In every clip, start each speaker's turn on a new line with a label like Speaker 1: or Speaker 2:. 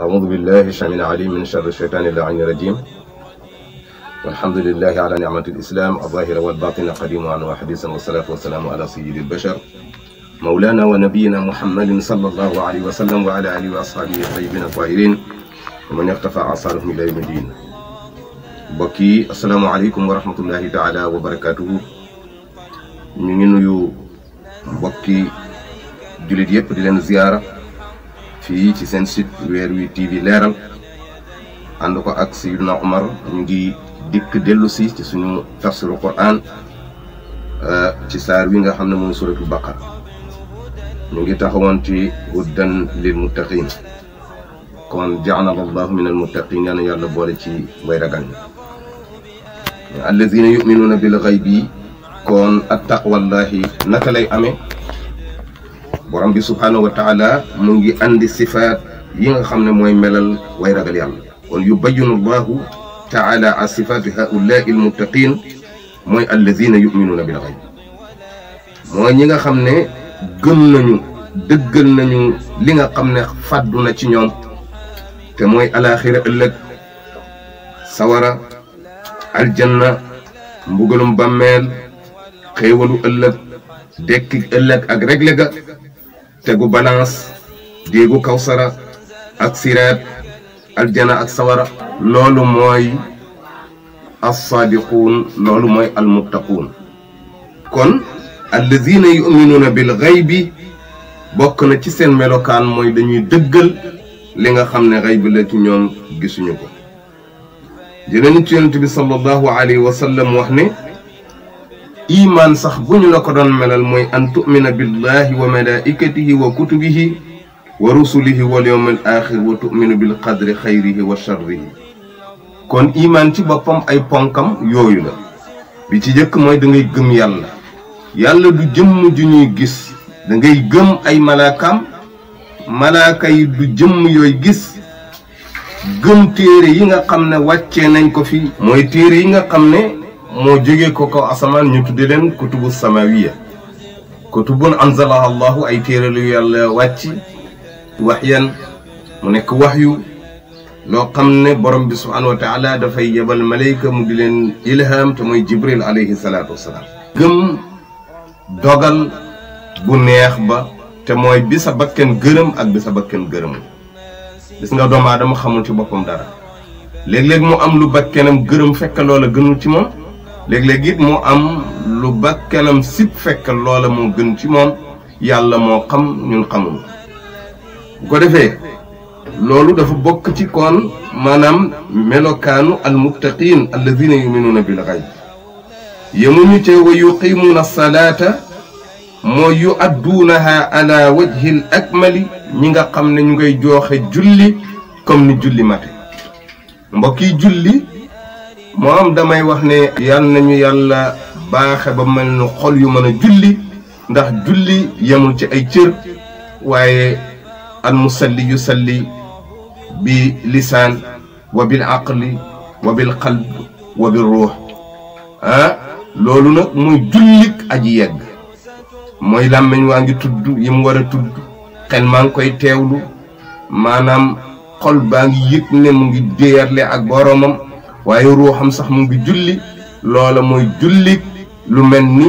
Speaker 1: أعوذ بالله الشامي العليم من شر الشيطان اللعين الرجيم والحمد لله على نعمة الإسلام الظاهرة والباطنة عن وحديث والصلاة والسلام على سيد البشر مولانا ونبينا محمد صلى الله عليه وسلم وعلى آله وأصحابه الطيبين الطاهرين ومن اقتفى آثارهم إلى يوم الدين بكي السلام عليكم ورحمة الله تعالى وبركاته ñu ngi nuyu mbokki jullit yépp fii ci seen sit weer wi TV leeral ànd ko ak Seydina Omar ñu ngi dikk dellu si ci suñu tafsiru Qur'an euh, ci saar wi nga xam ne moom suratu Baqara ñu ngi taxawoon ci huddan lil muttaqin kon ja'alana allahu min al muttaqin yal na yàlla boole ci way ragal ñi allazina yu'minuna bil ghaybi kon at taqwallahi naka lay amee borom bi subhanahu wa taala mu ngi andi sifat yi nga xamne moy melal way ragal yàlla kon yubayinu allah taala as sifat sifaati al muttaqin moy allazina yu'minuna bil ghaib mooy ñi nga xamne gëm nañu dëggal nañu li nga xamne fàddu na ci ñom te moy al akhirah ëlëk sawara al janna mbugulum bammel xewalu ëlëk dekk ëlëk ak régle ga tegu balance déegu kawsara ak siraat aljana ak sawara loolu mooy alsaadiquun loolu mooy almuttaquun kon allazina yuminuuna bil xaybi bokk na ci seen melokaan mooy dañuy dëggal li nga xam ne xayb la ci ñoom gisuñu ko jëlee ci yonent bi sallallahu alayhi wa sallam wax ne iman sax bu ñu la ko doon melal mooy an tumina billahi wa malaikatihi wa kutubihi wa rusulihi wal yawmil axir wa tuminu bil qadri xayrihi wa charrihi kon iman ci boppam ay ponkam yooyu la bi ci njëkk mooy dangay gëm yàlla yàlla du jëmm ju ñuy gis dangay gëm ay malaakaam malaaka yi du jëmm yooy gis gëm téere yi nga xam ne wàccee nañ ko fi mooy téere yi nga xam ne moo jógee ko ko asamaan ñu tudde leen kutubu samawiya kutubun anzalaha allahu ay téeralu yàlla wàcc waxyan mu nekk wax yu loo xam ne borom bi subhaanahu wa taala dafay yebal malayka mu di leen ilham te mooy jibril alayhi salaatu wasalaam gëm dogal bu neex ba te mooy bi sa bakken gërëm ak bi sa bakken gërëm gis nga doomu aadama xamul ci boppam dara léeg-léeg mu am lu bakkenam gërëm fekk loola gënul ci moom léeg-léeg it mu am lu bakkanam sip fek lola mo gën ci mom yàlla mo xam ñun xamu ko defé lolu dafa bok ci kon manam melokanu al muttaqin alladhina yu'minuna bil xayb yemuñu te wa yuqimuna salata mo yu adduunaha ala wajhi al akmal ñi nga xam ne ñu ngay joxe julli comme ni julli mate mbokki julli moo am damay wax ne yal nañu yàlla baaxe ba mel ni xol yu mën a julli ndax julli yamul ci ay cër waaye al musalli yu salli bi lisaan wa bil aqli wa bil qalb wa bil ruux ah, loolu nag muy jullik aji yegg mooy làmmiñ waa ngi tudd yi mu war a tudd xel maa ngi koy teewlu maanaam xol baa ngi yëg ne mu ngi déyarle ak boromam waaye ruuxam sax mu ngi julli loola mooy julli lu mel ni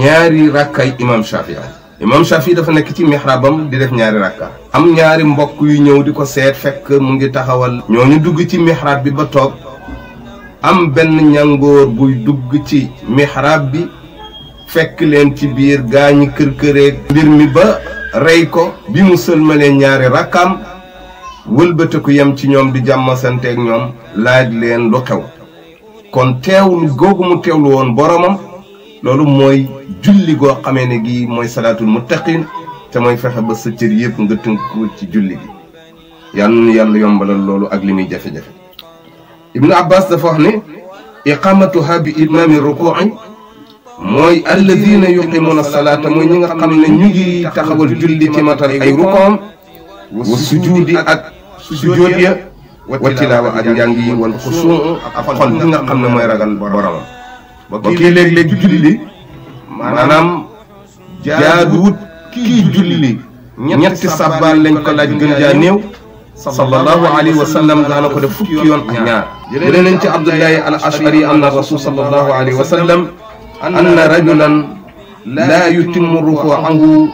Speaker 1: ñaari rakkay imam Shafii imam Shafii dafa nekk ci mihrabam di def ñaari rakka am ñaari mbokk yu ñëw di ko seet fekk mu ngi taxawal ñoo ñu dugg ci mihrab bi ba toog am benn ñangoor buy dugg ci mihrab bi fekk leen ci biir gaañi kër këreeg mbir mi ba rey ko bi mu sëlmalee ñaari rakkaam wëlbatiku yam ci ñoom di jamm sante ak ñoom laaj leen lu xew kon teewul googu mu teewlu woon boromam loolu mooy julli goo xamee ne gii mooy salaatul muttaqin te mooy fexe ba sa cër yëpp nga tënk ci julli gi yàlla nu yàlla yombalal loolu ak li muy jafe-jafe ibnu abbas dafa wax ne iqamatuha bi imaami rukui mooy alladina yuqimuna salaata mooy ñi nga xam ne ñu ngi taxawal julli ci matal ay rukoom wa sujudi ak sujjóot ya wa tilaawa ak njàng yi wal xusuun ak xol bi nga xam ne mooy ragal boromam ba kii léeg-léeg julli maanaam jaaduwut kii julli ñetti sàbbaal lañ ko laaj gën jaa néew sallallahu alayhi wa sallam daana ko def fukki yoon ak ñaar jëlee nañ ci abdullahi al ashari an rasul sallallahu alayhi wa sallam anna rajulan laa yutimmu rukuuahu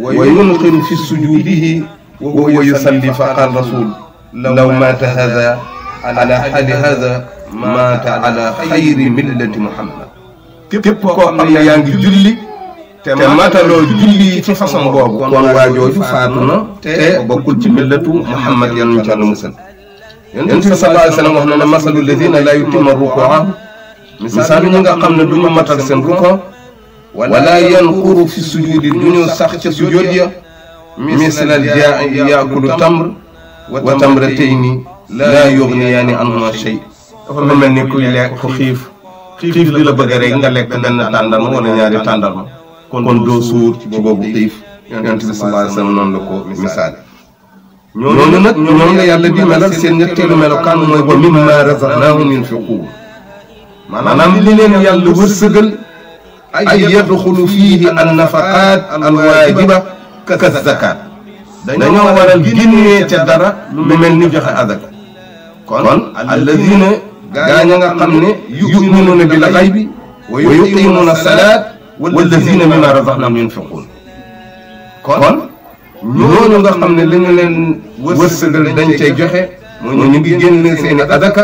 Speaker 1: wa yunqiru fi sujuudihi وهو يصلي فقال رسول
Speaker 2: لو مات
Speaker 1: هذا على حال هذا مات على خير ملة محمد képp koo xam ne yaa ngi julli te mataloo julli ci façon boobu kon waajooju faatu na te bokkul ci millatu muhammad yan ñu càll musal yonent bi sallallahu alayhi wa sallam wax na ne masalu lazina la yutimma ruku'a misaal ñi nga xam ne du ñu matal seen ruko مثل الجاع ياكل تمر وتمرتين لا يغنيان عنه شيء فمن يكون لك خفيف خفيف دي لبغري غا لك بن تاندار ولا نياري تاندار كون دو سور تي بوب خفيف يانت صلى الله عليه وسلم نون لكو مثال نونو نك نون لا يالا دي مالا سين نيتي لو ملو كان موي بو مما رزقناهم ينفقون manam li len yalla wursugal ay yadkhulu fihi an nafaqat al wajibah كزكات دانيو وارال جيني تي دارا لو ملني جوخي ادك كون الذين غاغا خامني يؤمنون بالغيب ويقيمون الصلاه والذين مما رزقناهم ينفقون كون نونو غا خامني لي نلن وسدل دانتي جوخي مو نيغي جين سين ادك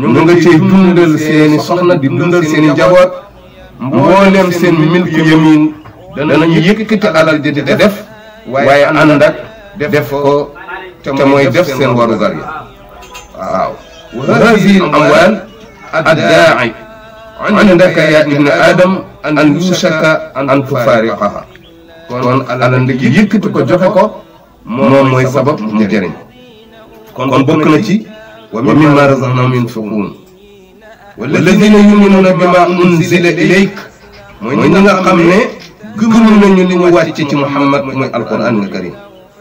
Speaker 1: نونغا تي دوندل سين سخنا دي دوندل سين جابوت مولم سين ملك يمين danañu yëkkati alal ji di def waaye ànd ak def ko te mooy def seen warugar yi waaw وهذه الأموال الداعي عندك يا ابن آدم أن يوشك أن تفارقها kon alal ndig yëkkati ko joxe ko moom mooy sabab mu jëriñ kon bokk na ci wa mimma razaqnahum yunfiqun walladina yuminuna bima unzila ilayk mooy ñi nga xam ne gëmul nañu li ñu wàcce ci muhammad muy alquran al karim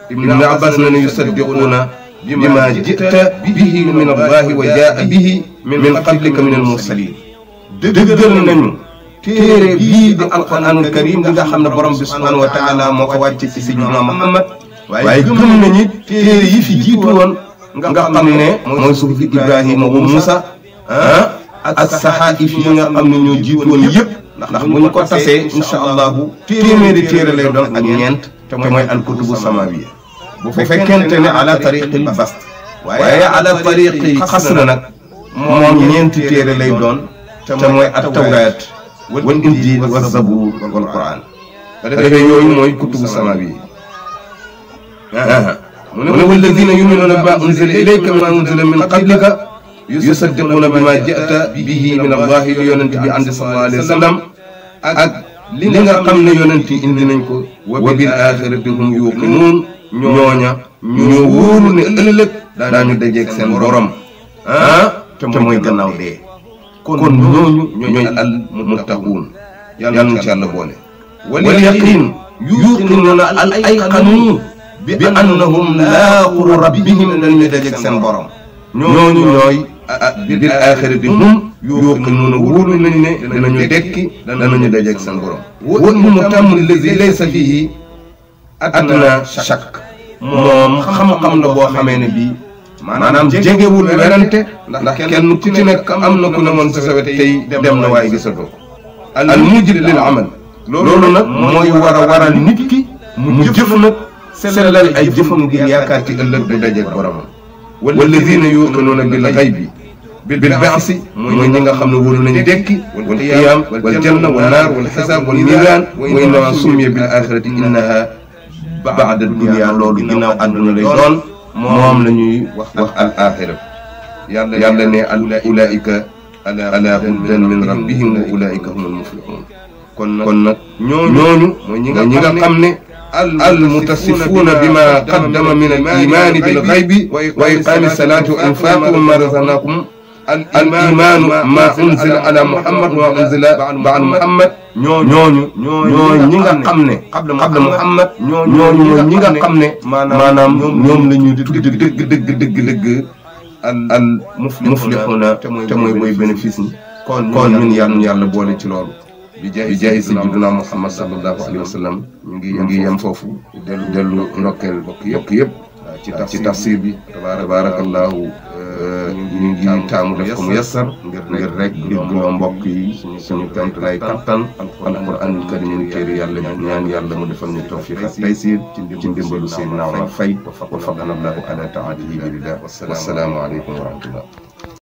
Speaker 1: ibnu abbas na ne yusaddiquuna bima jita bihi min allahi wa jaa bihi min qablika min almursalin dëggal nañu téere bii di alquran al karim bi nga xam na borom bi subhanahu wa taala moo ko wàcce ci sayyidina muhammad waaye gëm nañu téere yi fi jiitu woon nga xam ne mooy suuf ibrahima wa musa ah ak saxaayif yi nga xam ne ñoo jiitu woon yëpp ndax bu ñu ko tasee incha allahu téeméeri téere lay doon ak ñeent te mooy alkutubu samawiya bu fekkente ne ala tariqil bast waaye ala tariqi xasra nag moom ñeenti téere lay doon te mooy at tawraat wal injiil wa zabuur wal quraan refee yooyu mooy kutubu samawiya mu ne walladina yuminuuna bima unzila ilayka ma unzila min qablika yusaddiquuna bi ma jata bihi min allahi li yonent bi andi sallallahu alayhi wa sallam ak li nga xam ne yonent yi indi nañ ko wa bil axirati hum yuqinuun ñooña ñoo wóoru ne ëllëg daañu dajeeg seen borom ah te mooy gannaaw dee kon ñooñu ñooy al muttaquun yàlla na ci yàlla boole wal yaqin yuqinuuna al ayqanu bi annahum laaqu rabbihim dañu dajeeg seen borom ñooñu ñooy bil aaxirati hum yuuqinuun wóolu nañ ne danañu dekki danañu dajeeg seen borom. wóor mu mu tàmm lazi laysa fihi adna shakk moom xam-xam la boo xamee ne bii. maanaam jegewul werante ndax kenn ku ci nekk am na ku ne moon sa sa wet tey dem na waaye gisatoo ko
Speaker 2: al mujri lil amal loolu nag mooy war a waral nit
Speaker 1: ki mu jëf nag sellal ay jëfam ngir yaakaar ci ëllëg du dajeeg boromam والذين يؤمنون بالغيب بالبعث من نيغا خامن وولو ناني ديكي والقيام والجنه والنار والحساب والميزان وانما سمي بالاخره انها بعد الدنيا لولو غيناو ادنا لي دون موم لا الاخره يالا اولئك على هدى من ربهم اولئك هم المفلحون كون نك ньо ญ و موي المتصفون بما قدم من الإيمان بالغيب وإقام الصلاة وإنفاق ما رزقناكم الإيمان ما أنزل على محمد وما أنزل بعد محمد ñoñu ñoñu ñi nga xamne qabl muhammad ñoñu ñi nga xamne manam ñom lañu dëgg dëgg dëgg dëgg al bi jaay bi jaay sayyidina Muhammad sallallahu alayhi wa sallam ngi ñu ngi yem foofu. dellu dellu ndokkeel bokk yëpp yëpp. ci ci tafsir bi tabaarakallaahu euh, ñu ngi taamu def ko mu yassar ngir ngir rek digloo mbokk yi suñu kant lay kattan alquranul karim ñu téere yàlla ñu ñaan yàlla mu defal ñu tawfiq ak taysir ci ndimbalu Seydina Omar Faye wa fadlanallahu ala taatihi billah wassalaamu aleykum wa rahmatullah